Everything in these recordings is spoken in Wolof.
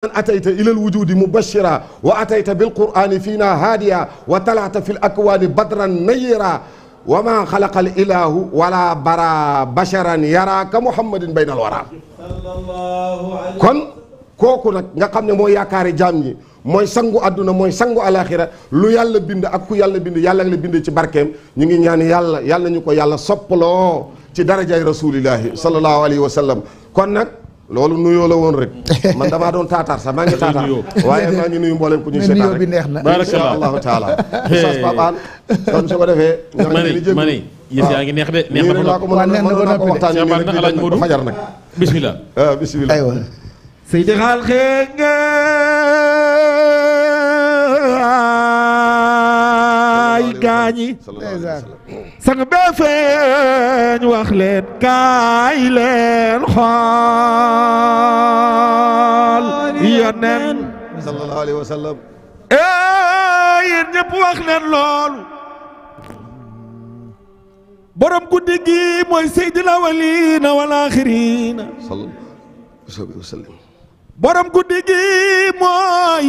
man atayta ilal wujudi mubashira wa atayta bil qur'ani fiina haadiya wa talaata fil akwaani badran nayira wa maa xalaqal ilaahu wala bara basharan yara ka muhammadin baynal kon kooku nag nga xam ne mooy yaakaari jaam ñi mooy sangu àdduna mooy sangu alaxira lu yàlla bind ak ku yàlla bind yàlla la bind ci barkeem ñu ngi ñaan yàlla yàlla nañu ko yàlla soppaloo ci darajay rasulillahi sallallahu alayhi wa sallam loolu nuyoo la woon rek man damaa doon taataar sax maa ngi taataar nuyu mboolem ku ñu seetaan nuyoo bi neex na insha allahu taala sas babaan kon su ko defee de neex na ko mën na ko waxtaan ñu rek di dem ba fajar nag bismillah ah, bismillah aywa seydi xaal wax leen kaay leen xool alayhi wa sallam eh, yéen ñëpp wax leen loolu borom guddi gi mooy seydina walina wal axirina sallallahu alayhi wa sallam borom guddi gi mooy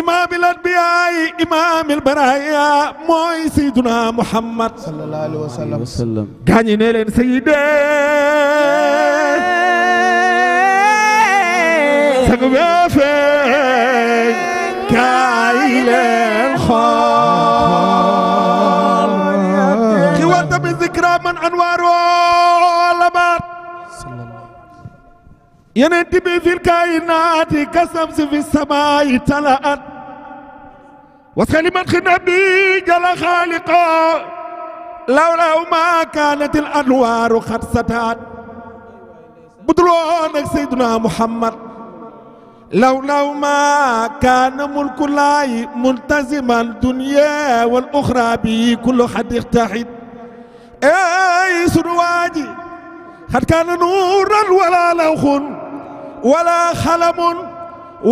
imaamil anbiyaayi imaamil baraaya mooy seydina muhammad sallallahu alayhi wa sallam gaañi ne leen seyidee ak ba feeñ kaay leen xool xiwanta bi zikra man anwaaro labaat yeneen bi fil kaayinaati kasamsi fi samaayi talaat wasxali man xina bi jala xaaliqa lawlaw ma kaanat al anwaaru xat sataat budul woon ak Seydina Muhammad law law ma kaana mulku laayi multaziman dunya wal uxra bi kullu xad ixtaxid ey sunu waa ji xat kaana nuuran wala lawxun wala xalamun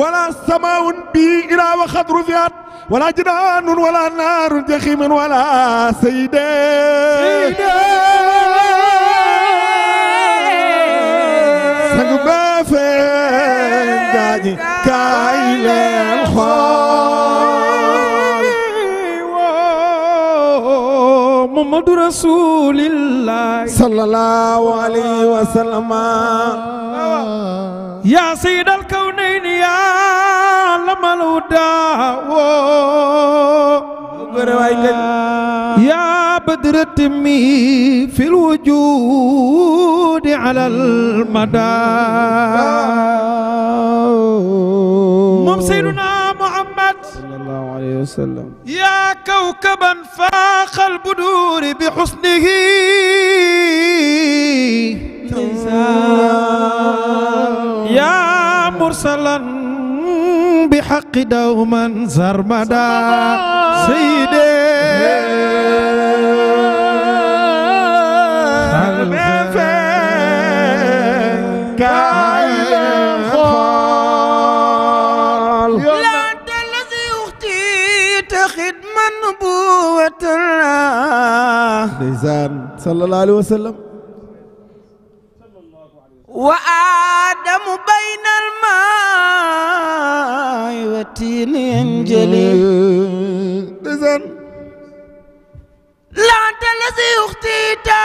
wala samaun bi ilaa wa xad rufiat wala jinaanun wala naarun jaxiiman wala sayide sang ba الخال محمد رسول الله صلى الله عليه وسلم يا سيد الكونين يا لما الهدى بدر تمي في الوجود على المدى مم سيدنا محمد صلى الله عليه وسلم يا كوكبا فاخ البدور بحسنه يا مرسلا بحق دوما زرمدا سيدي ndeysaan sallallahu alayhi wa sallam wa aadamu bayna almaay wa tiini anjali ndeysaan laanta lasi uxtiita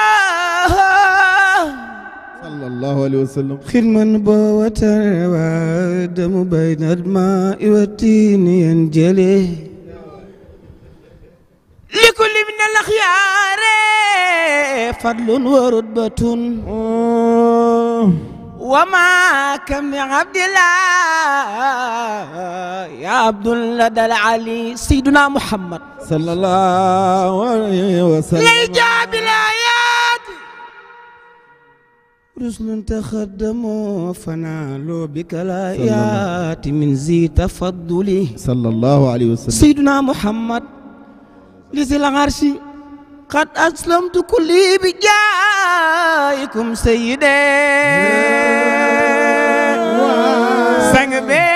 sallallahu alayhi wa sallam xidman boo watar wa aadamu bayna almaay wa tiini anjali li kulli min al axyaare fadlun wa rutbatun wa maa kam li abdillah ya abdullah dal ali sayyiduna muhammad sallallahu alayhi wa sallam lay jaabil ayaat rusulun taxaddamu fanaalu bikal ayaat min zi tafadduli sallallahu alayhi wa sallam sayyiduna muhammad lisilang arsi qad aslamtu kulli bi jaayikum sayyide sang be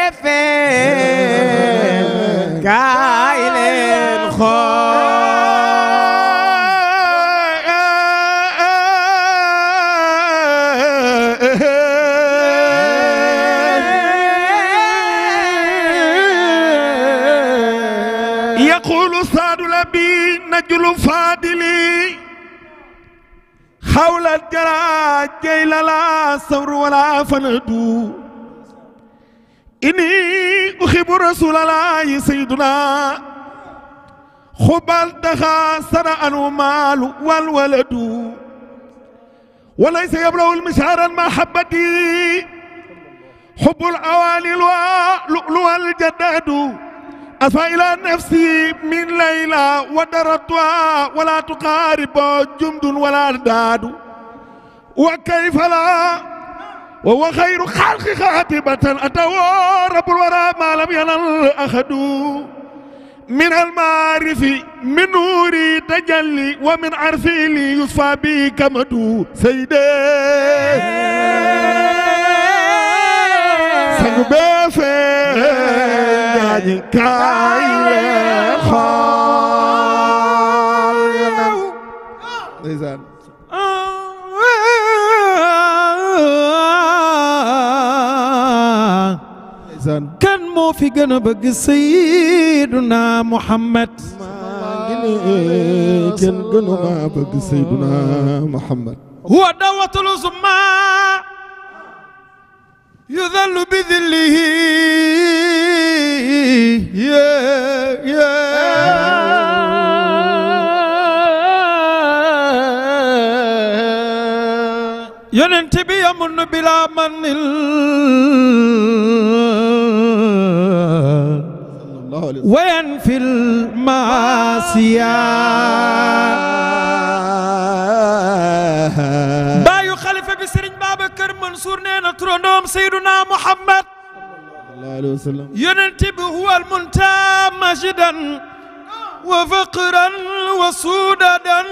فادلي حول الجرى جيل لا ثور ولا فند إني أحب رسول الله سيدنا خبال دخا سرع المال والولد وليس يبلغ المشعر محبتي حب الأوالي لؤلؤ الجداد أسفى إلى نفسي من ليلى ودرتها ولا تقارب جمد ولا داد وكيف لا وهو خير خلق خاتبة أتوا رب الورى ما لم ينل أحد من المعارف من نور تجلي ومن عرفي لي يصفى بي كمد سيدي سنبي aj kaay leen xool yow ndeysaan kan moo fi gën a bëgg Seydina Muhammad kenn gënu maa bëgg Seydina Muhammad huwa dawatul usma yudallu bi dillihi yeah, yeah. yonent bi yamun bilaa manil wayan fil maasiya baayu xalifa bi Serigne Babacar Mansour nee na turandoom Seyduna Muhammad alayhi wa sallam yonent bi huwa al munta majidan wa faqran wa sudadan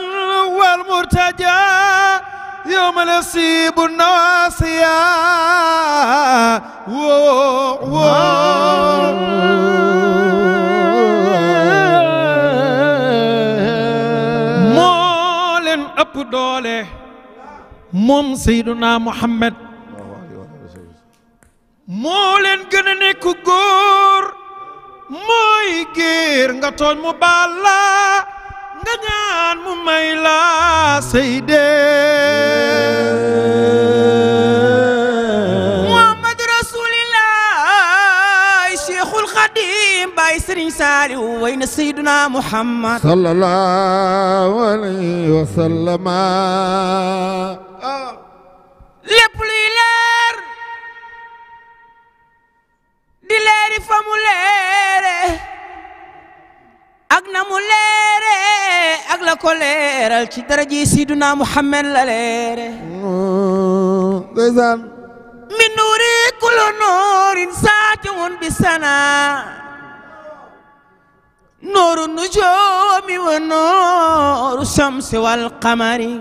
wal murtaja يوم نصيب النواصية moo leen ëpp doole moom Seydina Muhammad moo leen gën a nekk góor mooy géer nga tooñ mu baal la nga ñaan mu may la sëy dee muhammad rasuulillah cheikhul xadim baay sëriñ saaliw way na seyduna muhammad sallallahu alayhi wa sallama oh. leeral ci daraje Siduna Muhammad la leere ndeysaan min nuuri kullu nuurin saatiun bi sana nuuru nujuumi wa nuuru shamsi wal qamari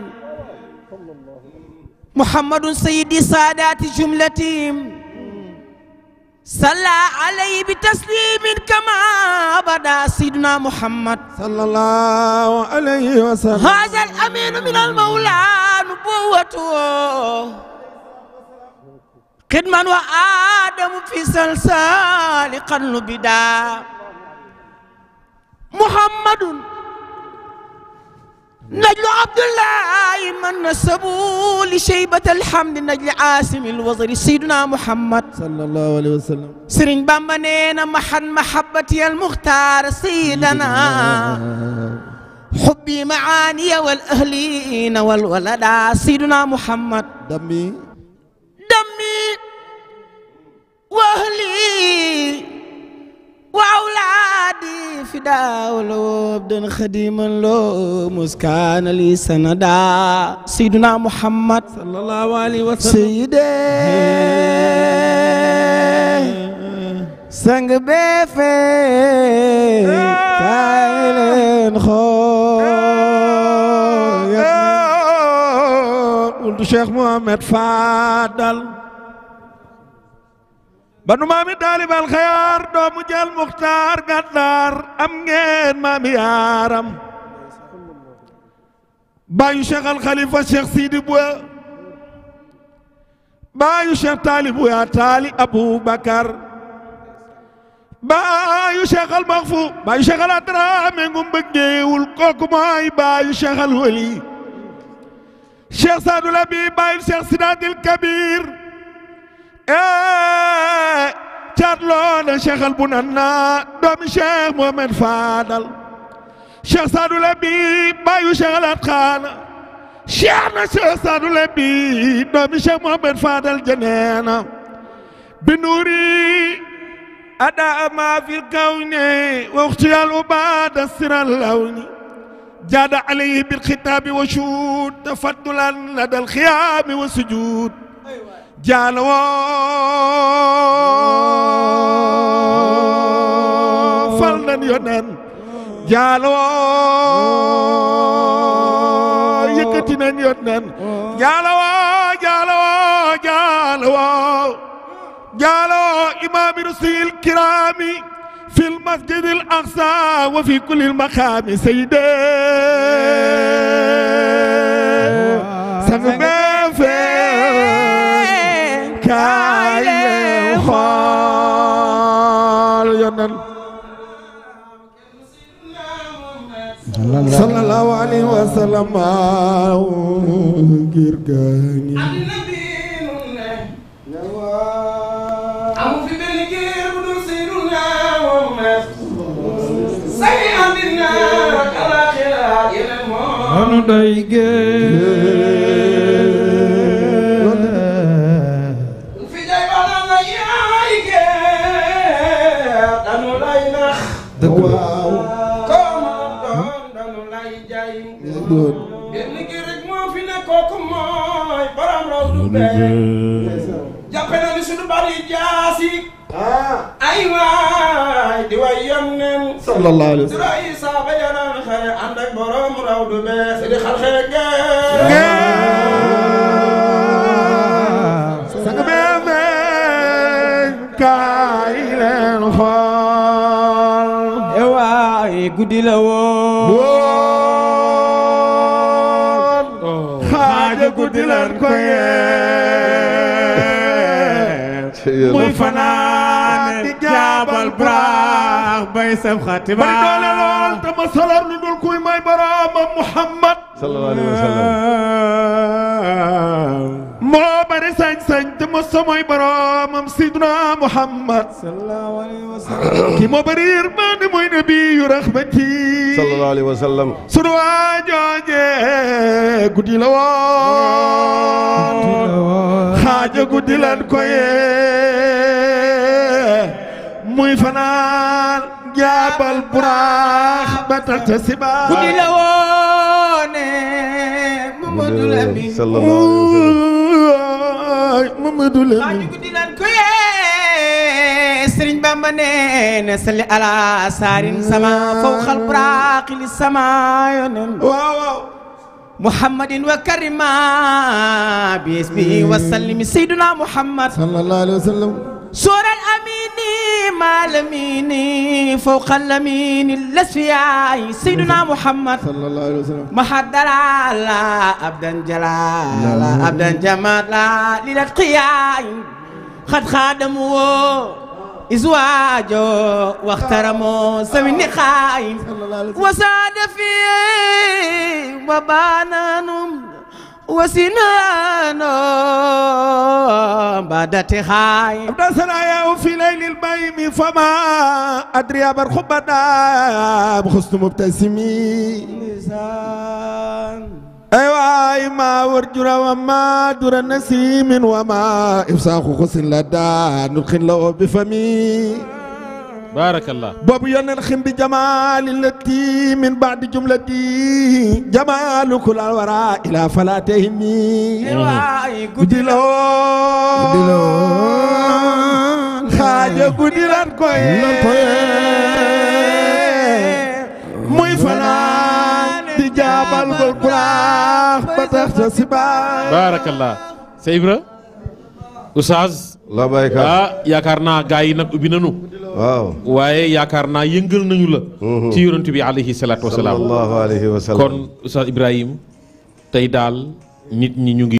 muhammadun sayyidi saadaati jumlatihim صلى عليه بتسليم كما بدا سيدنا محمد صلى الله عليه وسلم هذا الامين من المولى نبوته خدما وادم في سلسال قرن بدا محمد نجل عبد الله من نسبوا لشيبة الحمد نجل عاصم الوزري سيدنا محمد صلى الله عليه وسلم سرين بامبنين محن محبتي المختار سيدنا حبي معاني والأهلين والولد سيدنا محمد دمي الفداء لو عبد خديما لو مسكان لي سندا سيدنا محمد صلى الله عليه وسلم سيدي سنگ بيفي كايلن خو قلت شيخ محمد فادل banu maami taalib alxayaar doomu jël muxtaar gàddaar am ngeen maami yaaram baayu cheikh alxalifa cheikh sidi bu baayu cheikh taalibu yaa taali aboubacar baayu cheikh almaxfu baayu cheikh alatraame ngu mbëggeewul kooku mooy baayu cheikh alwali cheikh sadou labi baayu cheikh sidadil kabir ee eh, carloo na Cheikh Albounanna doomi Cheikh Mohamed Fadal Cheikh Sadou Labi baayu Cheikh Alat Xaana Cheikh na Cheikh Sadou Labi doomi Cheikh Mohamed Fadal jeneena bi nuuri adaa ma fi kawni wa uxtiyaal ubaada siral lawni jaada alayhi bil xitaabi wa shuud tafaddulan ladal xiyaami wa sujuud jaaloo fal nan yonen jaaloo yëkkati nan yonen jaaloo jaaloo jaaloo jaaloo imaami rusul kiraami في المسجد الأقصى وفي كل المقام سيدي kaay leen xool yonan sallallahu alayhi wa sallam ngir gaañi Anu day gee jàppe na ni suñu bari jaasi ah. ay waay di way yonneen sallallahu alayhi wa sallam yi saaba yanaan xare ànd ak borom raw du bees di xar xee ngeen sang meemeen kaay leen xool e waay guddi la woo al braax bay sab xatima bari doole lool te ma salar lu dul kuy may boroomam Muhammad sallallahu alayhi wa sallam moo bari sañ-sañ te ma samay boroomam sidna Muhammad sallallahu alayhi wa sallam ki moo bari yërmande mooy nabiyu rahmati sallallahu alayhi wa sallam sunu waa jooje guddi la woon xaaja guddi lan ko yee muy fanaan jaabal buraax ba tata siba ku di la woone Mamadou Lamine Mamadou Lamine ku di lan ko yee Sëriñ Bamba nee na salli ala saarin sama fawqal buraax li sama yonen waaw waaw محمد وكرما باسمه وسلم سيدنا محمد صلى الله عليه وسلم سور الأمين مع الأمين فوق الأمين الأسفياء سيدنا محمد صلى الله عليه وسلم محضر على أبدا جلالا أبدا جمالا للأتقياء قد خادموا إزواجه واخترموا سمني خايم وساد فيه وبانانهم وسنانه بدت خاي دسرايا في ليل البيم فما أدري أبر خبدا بخصن مبتسمي أيوا ما ورجرا وما در نسيم وما إفساخ خصن لدى ندخل له بفمي baarakallah boobu yoneen xim bi jamaali lati min baadi jumlati jamaalukul alwara ila falaatee nii waay guddi la woon xaaja guddi lan koy muy fanaan di jaabal gol kulaax ba tax sa si baarakallah Seybra Oustaz. la baykat ah yaakaar naa gaa yi nag ubbi nañu. waaw waaye yaakaar naa yëngal nañu la. Mhm. ci yonent bi alayhi salaatu wa salaam. sallallahu alayhi wa sallam kon Oustaz Ibrahim tey daal nit ñi ñu ngi.